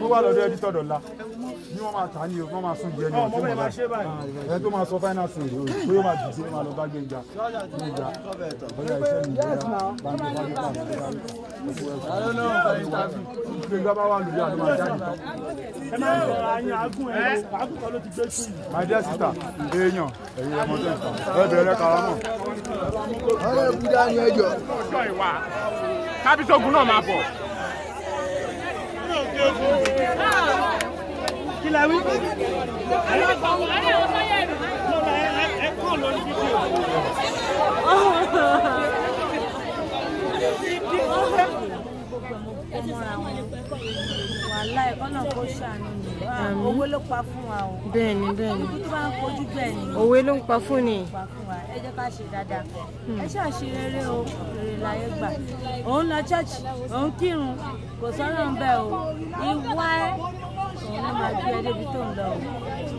tó wà lọ́dọ̀ ẹbí tọ̀dọ̀ ni wọ́n máa tà ní o wọ́n máa sún jẹ ní o tó mọ̀ bá ah, ẹ tó máa sọ final sin o tó yóò máa dùn máa lọ bá Gbénga Gbénga ọjà iṣẹ́ mi ìgbéra bàmí bàmí bàmí bàmí Gbénga bá wà lórí àdó máa jáde tán. ẹ máa ń lọ àyàn agún ẹ agún kan ló ti gbé sí i. my dear sister èèyàn ẹ̀yin ọmọ tó ń sọ ẹ bẹ̀rẹ̀ karamọ̀. ọ̀rẹ́ ìbúdá ni ẹjọ́. kábísọ̀gùn náà máa bọ̀. la wí. ẹ kọ́ lórí fídíò. wàhálà ẹ̀kọ́ náà kó ṣàánú ni ah, owó ló pa fún wa o. bẹ́ẹ̀ ni bẹ́ẹ̀ ni olùkú tó bá ń kojú bẹ́ẹ̀ ni. òwe ló ń pa fún ni. ẹ jẹ́ ká ṣe dáadáa hmm. ẹ ṣáà ṣe rere o rere láyé gbà òun lọ ṣọ́ọ̀ṣì òun kírun kò sọ́rọ̀ ń bẹ̀ o ìwà ẹ̀ máa gbé tó ń lọ o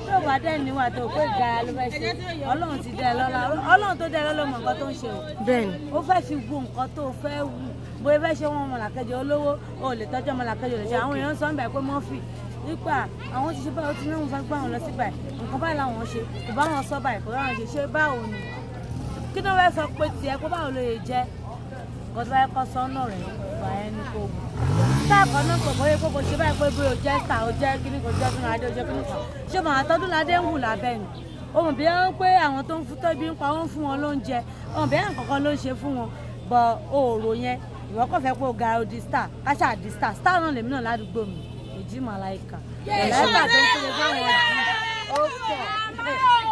tó bá dẹ̀ níwà tó pé gara ló fẹ́ ṣe ọlọ́run ti dẹ lọ́la ọlọ́run tó dẹ lọ́la mọ̀ nǹkan tó ń ṣe o bẹ́ẹ̀ni ó fẹ́ fi wo nǹkan tó fẹ́ wù bóyá fẹ́ ṣe wọn mọ̀làkejì olówó o lè tọ́jú mọ̀làkejì lè ṣe àwọn èèyàn sọ ń bẹ̀ pé mọ́fì nípa àwọn ti ṣe báyìí ó ti ní òun fẹ́ gbá àwọn lọ sí báyìí nǹkan báyìí làwọn ṣe kò bá wọn sọ báyìí kò láwọn ṣe ṣe báwo ni kí ló fẹ́ sọ pé tiẹ̀ kó báwo lè jẹ́ kó tó bá yẹ kó rẹ̀ wà ẹni kan ṣe báyìí pé bóyá ń hù lábẹ́ ni ohun bí wọ́n pé àwọn tó ń fún ń pa wọ́n fún wọn lóúnjẹ ohun bí wọ́n kankan ló ń ṣe fún wọn bọ̀ òòrò yẹn ìwọ kò fẹ́ pé o odi star káṣá di star star náà lèmi náà ládùúgbò mi èjì màláìka ìlẹ́gbà tó ń tẹ̀lé fún wọn ó pọ̀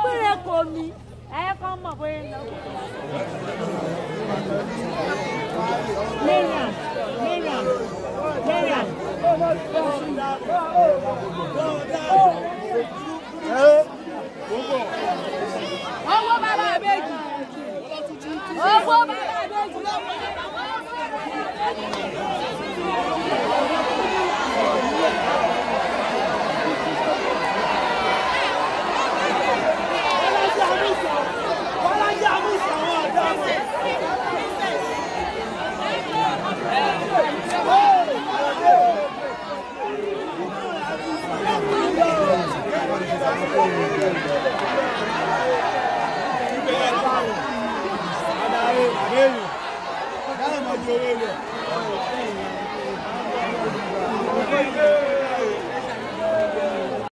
péré kò mí ẹ̀ẹ́kọ́ mọ̀ bóyá ń lọ oh, bàbá àbẹ́jì owó bàbá àbẹ́jì lọ́wọ́. Adarí, àdéhùn, dáhùn mọ́jú owó a